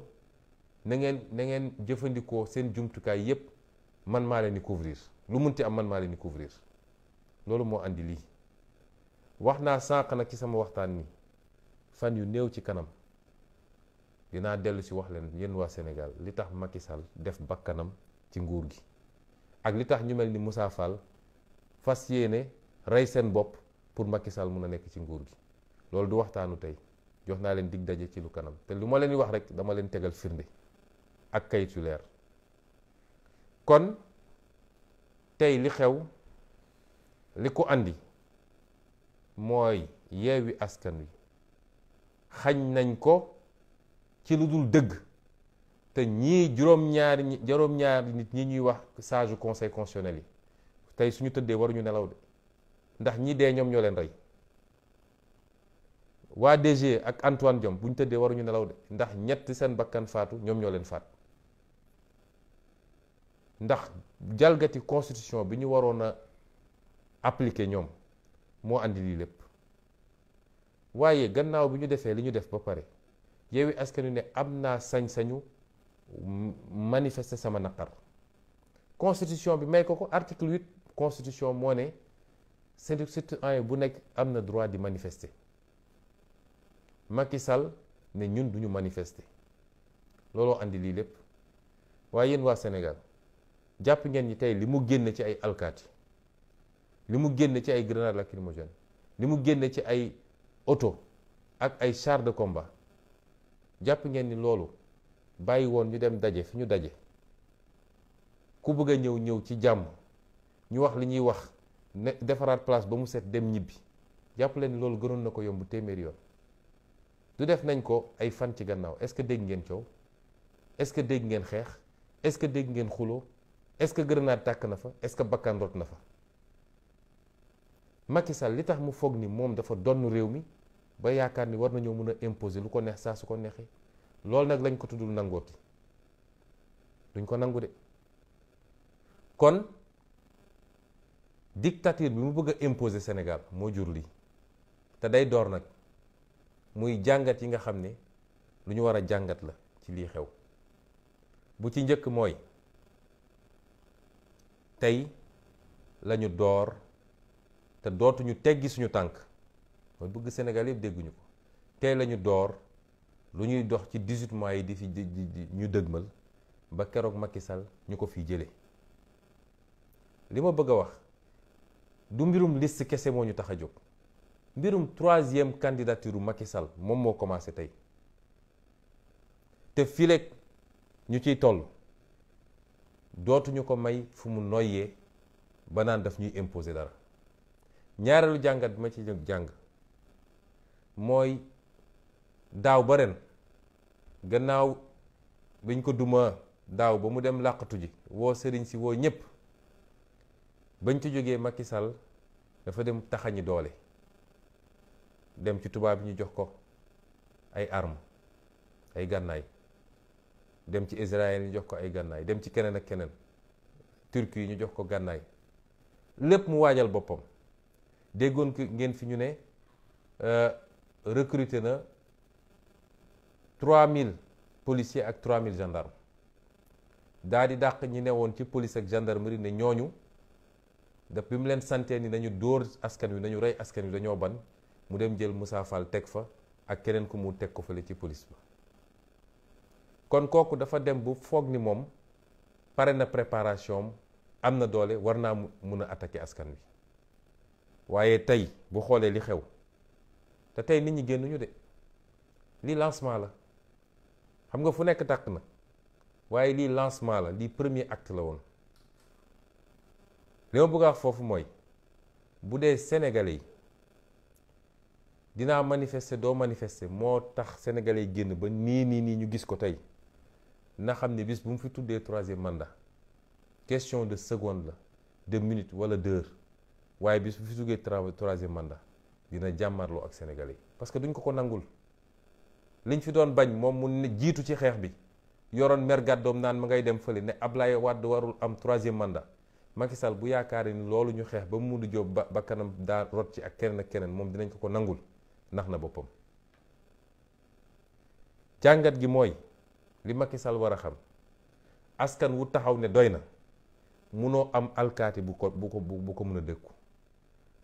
na ngeen na ngeen jëfandikoo seen jumtukaay yépp man maa leen di couvrir lu mun munti am man maa leen di couvrir loolu moo indi lii wax naa sànq nag ci sama waxtaan ni fan yu néew ci kanam dinaa dellu si wax leen yéen waa Sénégal li tax Macky Sall def bakkanam ci nguur gi ak li tax ñu mel ni Moussa Fall fas yéene rey seen bopp pour Macky Sall mun a nekk ci nguur gi loolu du waxtaanu tey jox naa leen dig daje ci lu kanam te lu ma leen di wax rek dama leen tegal firnde ak kayit yu leer kon tey li xew li ko indi mooy yeewi askan wi xañ nañ ko ci lu dul dëgg te ñii juróom-ñaari nit ñi ñuy wax sage conseil constitutionnel yi tey suñu tëddee waruñu nelaw de ndax ñi dee ñoom ñoo leen rey waa DG ak Antoine Diome buñu ñu tëddee waruñu nelaw de ndax ñett seen bakkan faatu ñoom ñoo leen faat ndax jalgati constitution bi ñu waroon a appliquer ñoom moo andi lii lépp waaye gannaaw bi ñu defee li ñu def ba pare Yewwi Askan ne am naa sañ-sañu manifester sama naqar constitution bi may ko ko article 8 constitution moo ne citoyen bu nekk am na droit di manifester Macky ne ñun duñu manifester looloo andi lii lépp waaye yéen waa Sénégal jàpp ngeen ñi tey li mu génn ci ay alkaati li mu génn ci ay grenade lacrymogène li mu génn ci ay oto ak ay char de combat jàpp ngeen ni loolu bàyyi woon ñu dem daje fi ñu daje ku bëgg a ñëw ñëw ci jàmm ñu wax li ñuy wax ne defaraat place ba mu set dem ñibbi jàpp leen loolu gënoon na ko yomb téeméeri yoon du def nañ ko ay fan ci gannaaw est-ce que dégg ngeen coow est-ce que dégg ngeen xeex est-ce que dégg ngeen xuloo est-ce que grenade tàkk na fa est-ce que bakkan rot na fa Macky li tax mu foog ni moom dafa donn réew mi ba yaakaar ni war nañoo mën a imposer lu ko neex saa su ko neexee loolu nag lañ ko tuddul nangooti duñ ko nangu de kon dictature bi mu bëgg a senegal moo jur lii te day door nag muy jàngat yi nga xam ne lu ñu war a jàngat la ci lii xew bu ci njëkk mooy tey lañu door te dootuñu teggi suñu tànk mooy bëgg Sénégal yëpp dégguñu ko tey lañu door lu ñuy dox ci 18 yi di fi ñu dëgmal ba keroog Macky Sall ñu ko fi jëlee li ma bëgg wax du mbirum liste kese moo ñu tax a jóg mbirum troisième candidature u Macky moom moo commencé tey te fileeg ñu ciy toll dootuñu ko may fu mu noyyee ba naan daf ñuy imposer dara ñaareelu jàngat ma ci jàng mooy daaw ba ren gannaaw biñ ko duma daaw ba mu dem làqatu ji woo sëriñ si woo ñëpp bañ ci jógee makki sal dafa dem taxañi doole dem ci tubaab bi ñu jox ko ay armu ay gànnaay dem ci Israël ñu jox ko ay gànnaay dem ci keneen ak keneen Turquie ñu jox ko gànnaay lépp mu waajal boppam déggoon ki ngeen fi ñu ne euh, recruter na mille policiers ak 3000 gendarmes daa di dàq ñi woon ci police ak gendarmerie ne ñooñu daf bi mu leen santee ni nañu dóor askan wi nañu rey askan wi dañoo ban mu dem jël Moussa Fall teg fa ak keneen ku mu teg ko fële ci police ba kon koku dafa dem bu foog ni pare na préparation amna dole, doole warna mëna attaquer askan wi waaye tay bu xolé li xew ta tay nit ñi ñu li li lancement la xam nga fu nek tak na waaye li lancement la li premier acte la won li ma bëgg fofu moy bu dé sénégalais dina manifester do manifester mo tax sénégalais genn ba ni ni ni ñu gis ko tay na xam bis bu mu fi tuddee troisième mandat question de seconde là, de minute wala d'heure waaye bis bu fi tuddee troisième mandat dina jàmmarloo ak Sénégalais parce que duñ ko ko nangul liñ fi doon bañ moom mu jiitu ci xeex bi yoroon mer gàddoom nan ma ngay dem fële ne Ablaye Wade warul am troisième mandat Macky Sall bu yaakaaree ni loolu ñu xeex ba mu mundu jóob ba ba rot ci ak keneen ak kenen moom dinañ ko ko nangul ndax na boppam jàngat gi mooy. li Macky Sall war a xam askan wu taxaw ne doy na munoo am alkaati bu ko bu ko bu ko mën a dëkku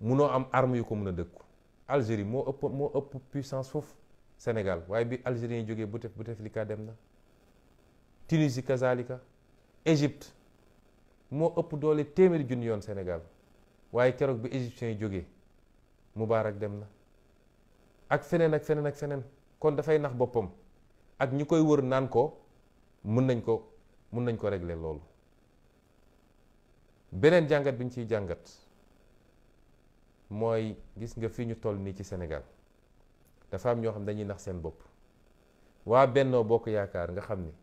munoo am arme yu ko mën a dëkku Algérie moo ëpp moo ëpp puissance foofu senegal waaye bi Algérie yi jógee Boutef Bouteflika dem na Tunisie kazalika Égypte moo ëpp doole téeméeri jun yoon Sénégal waaye keroog bi égyptiens yi jógee Moubarak dem na ak feneen ak feneen ak feneen kon dafay nax boppam ak ñi koy wër naan ko mun nañ ko mun nañ ko regle loolu beneen jàngat bi ñu ciy jàngat mooy gis nga fi ñu toll nii ci Sénégal dafa am ñoo xam ne dañuy nax seen bopp waa Bennoo Bokk Yaakaar nga xam ni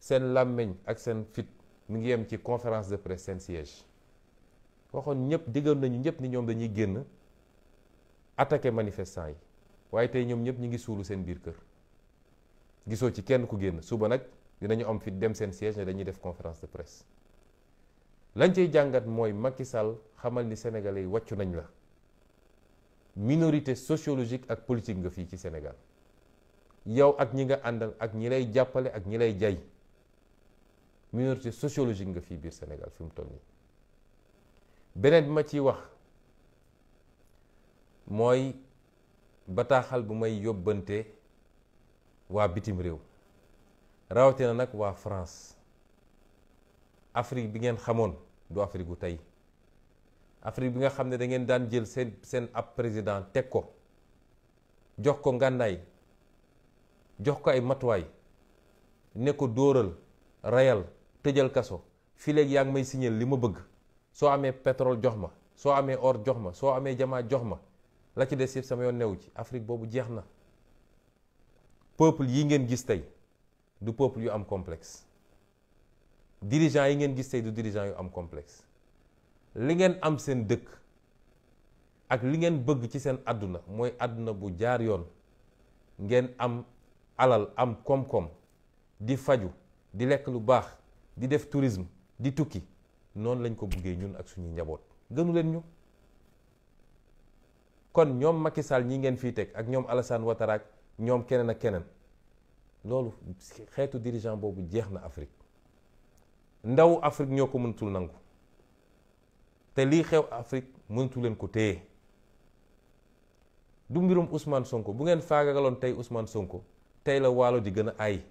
seen làmmiñ ak seen fit mu ngi yem ci conférence de presse seen siège waxoon ñëpp diggal nañu ñëpp ni ñoom dañuy génn attaquer manifestant yi waaye tey ñoom ñëpp ñu ngi suulu seen biir kër gisoo ci kenn ku génn suba nag dinañu am fi dem seen siège ne dañuy def conférence de presse lañ cay jàngat mooy Macky Sall xamal ni sénégalais yi wàccu nañ la minorité sociologique ak politique nga fii ci Sénégal yow ak ñi nga àndal ak ñi lay jàppale ak ñi lay jay minorité sociologique nga fii biir Sénégal fi mu toll nii beneen bi wax mooy bataaxal bu may yóbbante waa bitim réew rawatina nag waa France Afrique bi ngeen xamoon du Afrique gu tey Afrique bi nga xam ne da ngeen daan jël seen seen ab président teg ko jox ko ngànnaay jox ko ay matuwaay ne ko dóoral rayal tëjal kaso fii léegi yaa ngi may signal li ma bëgg soo amee pétrole jox ma soo amee or jox ma soo amee jamaa jox ma la ci des yëpp sama yoon newu ci Afrique boobu jeex na peuple yi ngeen gis tey du peuple yu am complexe dirigeant yi ngeen gis tey du dirigeant yu am complexe li ngeen am seen dëkk ak li ngeen bëgg ci seen àdduna mooy àdduna bu jaar yoon ngeen am alal am koom-koom di faju di lekk lu baax di def tourisme di tukki noonu lañ ko buggee ñun ak suñuy njaboot gënu leen ñu kon ñoom Macky Sall ñi ngeen fii teg ak ñoom Alassane Ouattara ak ñoom keneen ak keneen loolu xeetu dirigeant boobu jeex na Afrique ndaw Afrique ñoo ko mënatul nangu te lii xew Afrique mënatu leen ko téye du mbirum Ousmane Sonko bu ngeen faagagaloon tey Ousmane Sonko tey la waalo di gën a ay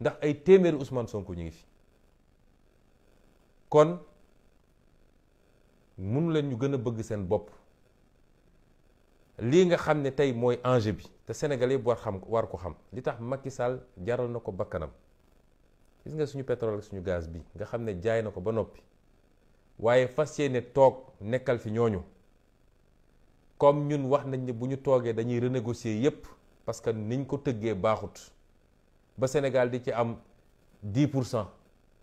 ndax ay téeméeri Ousmane Sonko ñu ngi fi kon mënu leen ñu gën a bëgg seen bopp. lii nga xam ne tey mooy enjeu bi te Sénégal yëpp war xam war ko xam li tax Macky Sall jaral na ko bakkanam gis nga suñu pétrole ak suñu gaz bi nga xam ne jaay na ko ba noppi waaye fas yéene toog nekkal fi ñooñu comme ñun wax nañ ne bu ñu toogee dañuy renégocier yëpp parce que niñ ko tëggee baaxut ba Sénégal di ci am 10 pour cent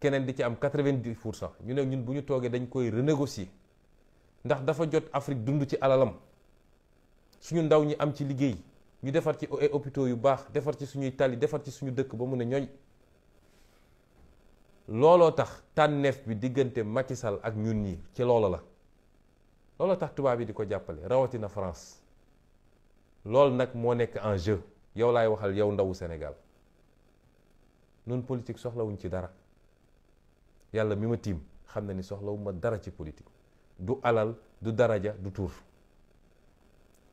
keneen di ci am 90 pour cent ñu ne ñun bu ñu toogee dañ koy renégocier ndax dafa jot Afrique dund ci alalam. suñu ndaw ñi am ci liggéey ñu defar ci ay yu baax defar ci suñuy tali defar ci suñu dëkk ba mu ne ñooñ looloo tax tànneef bi diggante Macky Sall ak ñun ñi ci loolo la looloo tax tubaab yi di ko jàppale rawatina France loolu nag moo nekk en jeu yow laay waxal yow ndawu senegal nun politique soxlawuñ ci dara yàlla mi ma tiim xam na ni soxlawu ma dara ci politique du alal du daraja du tur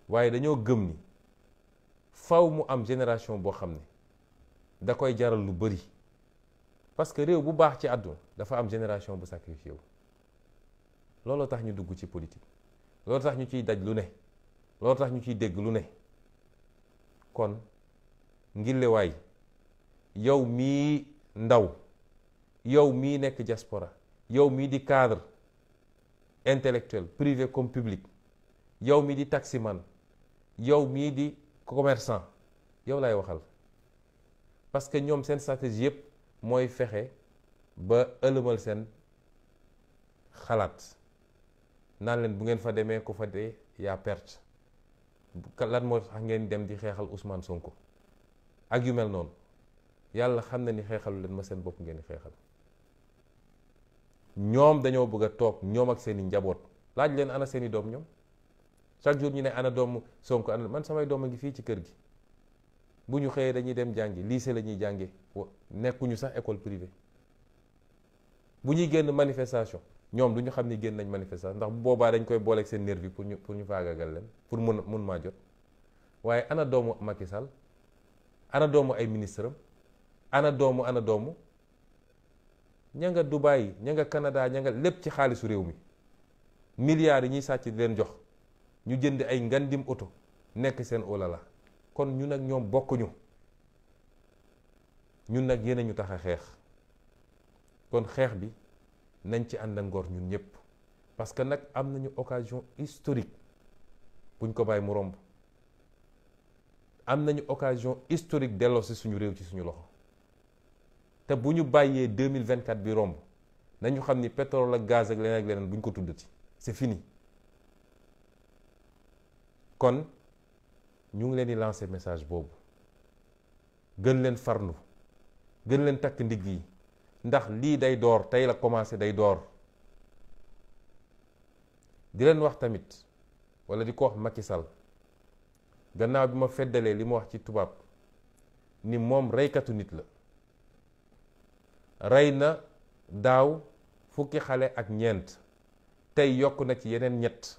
waaye dañoo gëm ni faw mu am génération boo xam ne da koy jaral lu bëri parce que réew bu baax ci àdduna dafa am génération bu sacrifié wu looloo tax ñu dugg ci politique looloo tax ñu ciy daj lu ne looloo tax ñu ciy dégg lu ne kon ngillewaay yow mii ndaw yow mii nekk jaspora yow mii di cadre intellectuel privé comme public yow mi di man yow mii di commerçant yow laay waxal parce que ñoom seen stratégie yëpp mooy fexe ba ëlëmal seen xalaat naan leen bu ngeen fa demee ko fa dee yaa perte lan moo tax ngeen dem di xeexal Ousmane Sonko ak yu mel noonu yàlla xam na ni xeexalu leen ma seen bopp ngeen di xeexal ñoom dañoo bëgg a toog ñoom ak seeni njaboot laaj leen ana seeni doom ñoom. chaque jour ñu ne ana doomu Sonko ana man samay doom a ngi fii ci kër gi bu ñu xëyee dañuy dem jàngi lycée la ñuy jànge nekkuñu sax école privée bu ñuy génn manifestation ñoom du ñu xam ni génn nañ manifestation ndax bu boobaa dañ koy booleeg seen nervi pour ñu pour ñu faagagal leen pour mun mun maa jot waaye ana doomu Macky Sall ana doomu ay ministre am ana doomu ana doomu ña nga Dubai ña nga Canada ña nga lépp ci xaalisu réew mi milliards yi ñuy sàcc di leen jox ñu jënd ay ngandim oto nekk seen la kon ñun nag ñoom bokkuñu ñun nag yéen ñu tax a xeex kon xeex bi nañ ci ànd ak ngor ñun ñëpp parce que nag am nañu occasion historique buñ ko bàyyi mu romb am nañu occasion historique delloo si suñu réew ci suñu loxo te bu ñu bàyyee 2024 bi romb nañu xam ni pétrole ak gaz ak leneen ak leneen buñ ko tuddati c'est fini. kon ñu ngi leen di lancé message boobu gën leen farnu gën leen takk ndigg yi ndax lii day door tey la commencé day door di leen wax tamit walla di ko wax Macky Sall gannaaw bi ma feddalee li ma wax ci tubaab ni moom reykatu nit la rey na daaw fukki xale ak ñeent tey yokk na ci yeneen ñett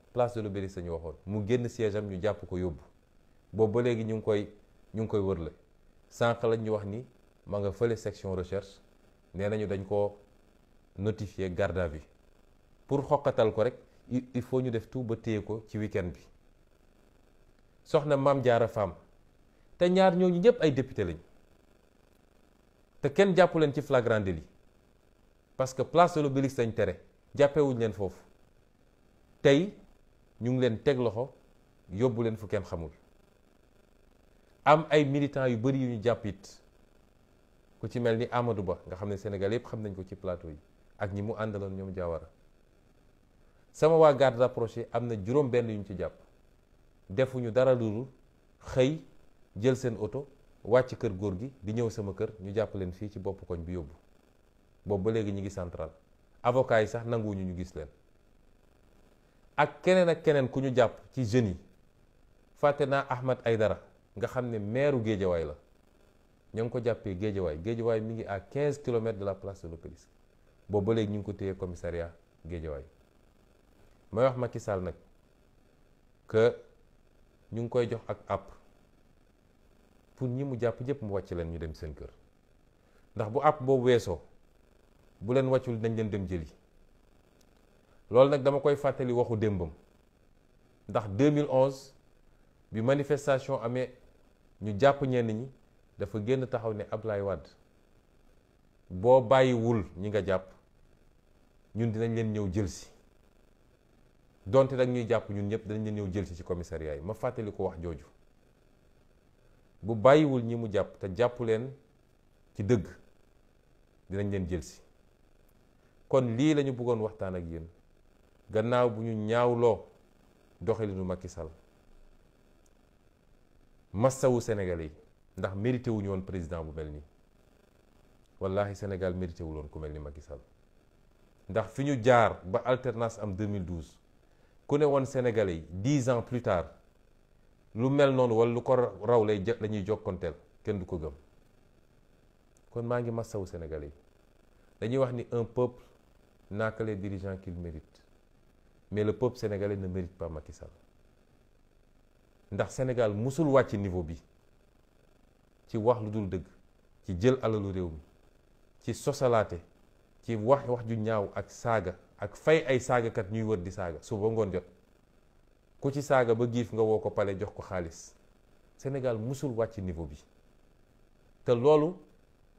place de l'Obélisque mu génn siège am ñu Nous ko yobbu boobu ba léegi ñu koy ñu ni section recherche nee nañu dañ notifié garde à vue pour xoqatal ko rek il faut ñu def tout ba week ñaar ay député lañ kenn parce que place de l'Obélisque est tere ñu ngi leen teg loxo yóbbu leen fu kenn xamul am ay militants yu bëri yu ñu jàpp it ku ci mel ni Amadou Ba nga xam ne Sénégal yëpp xam nañ ko ci plateau yi ak ñi mu àndaloon ñoom Diawara sama waa garde rapproché am na juróom benn yu ñu ci jàpp defuñu dara lu xëy jël seen oto wàcc kër góor gi di ñëw sama kër ñu jàpp leen fii ci bopp koñ bi yóbbu boobu ba léegi ñu ngi central avocat yi sax nanguwuñu ñu gis leen ak keneen ak keneen ku ñu jàpp ci jeunes yi fàtte naa Ahmad dara nga xam ne maire Géejawaay la ñoo ngi ko jàppee Géejawaay Géejawaay mi ngi à 15 kilomètres de la place de l'Obélisque boobu ba léegi ñu ngi ko téye commissariat Géejawaay may wax Macky Sall nag que ñu ngi koy jox ak àpp pour ñi mu jàpp ñëpp mu wàcc leen ñu dem seen kër ndax bu àpp boobu weesoo bu leen wàccul dañ leen dem jëli. loolu nag dama koy fàttali waxu démbam ndax 2011 bi manifestation amee ñu jàpp ñenn ñi dafa génn taxaw ne Ablaye Wade boo bàyyiwul ñi nga jàpp ñun dinañ leen ñëw jël si donte nag ñuy jàpp ñun ñëpp dinañ leen ñëw jël si ci commissariat yi ma fàttali ko wax jooju bu bàyyiwul ñi mu jàpp te jàpp leen ci dëgg dinañ leen jël si kon lii lañu ñu bëggoon waxtaan ak yéen. gannaaw bu ñu ñaawloo doxalinu Macky Sall massawu Sénégalais yi ndax mérité wuñu woon président bu mel nii wallahi Sénégal mérité wul woon ku mel ni Macky Sall ndax fi ñu jaar ba alternance am 2012 ku ne woon Sénégalais yi dix ans plus tard lu mel noonu wala lu ko raw lay la ñuy jokkonteel kenn du ko gëm kon maa ngi massawu Sénégalais yi dañuy wax ni un peuple n'a que les dirigeants qu'il mais le peuple sénégalais ne mérite pas Macky Sall ndax Sénégal musul wàcc niveau bi ci wax lu dul deug ci jël alalu rew mi ci sosalaté ci wax wax ju ñaaw ak saaga ak fay ay kat ñuy wër di saaga bo ngon jot ku ci saaga ba gif nga woko ko khalis. jox ko xaliss Sénégal musul wàcc niveau bi té lolu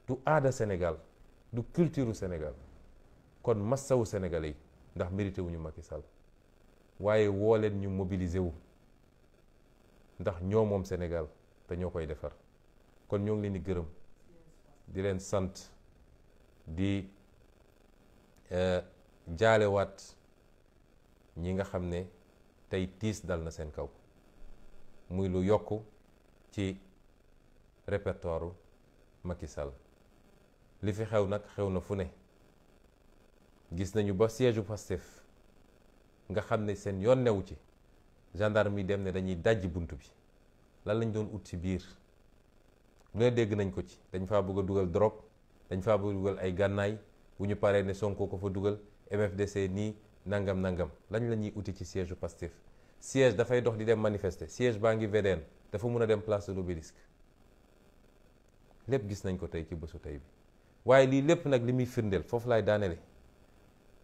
du aada Sénégal du culture Sénégal kon massaw sénégalais ndax mérité wuñu Macky Sall waaye woo leen ñu mobiliser wu ndax ñoo moom Sénégal te ñoo koy defar kon ñoo ngi leen di gërëm di leen sant di euh, jaalewaat ñi nga xam ne tey tiis dal na seen kaw muy lu yokk ci répertoire Macky Sall li fi xew nag xew na fu ne gis nañu ba siège u nga xam ne seen yoon newu ci gendarme yi dem ne dañuy dajji bunt bi lan lañ doon ut ci biir lu ne dégg nañ ko ci dañ faa bëgg a dugal drop dañ faa bëgg dugal ay gànnaay bu ñu paree ne Sonko ko fa dugal MFDC nii nangam nangam lañ la ñuy uti ci siège Pastef siège dafay dox di dem manifester siège baa ngi VDN dafa mun a dem place de l'Obélisque lépp gis nañ ko tey ci bësu tey bi waaye lii lépp nag li muy firndeel foofu laay daanele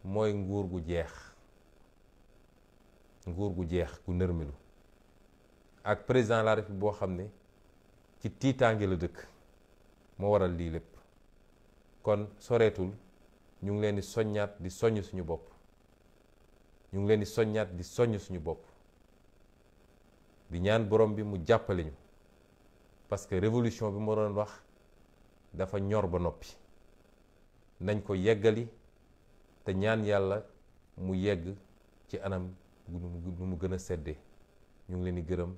mooy nguur gu jeex nguur gu jeex gu neurmelu ak président la république bo xam ne ci tiitaange la mo waral li lepp kon soretul ñu ngi leni di di soññ suñu bop ñu ngi leni di di suñu bop di ñaan borom bi mu jàppale ñu parce que révolution bi mo doon wax dafa ñor ba nopi nañ ko yeggali te ñaan yalla mu yegg ci anam nu mu gën a seddee ñu ngi leen di gërëm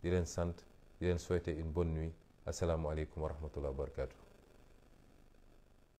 di leen sant di leen souhaiter une bonne nuit asalaamualeykum wa rahmatullah wa barakaatu.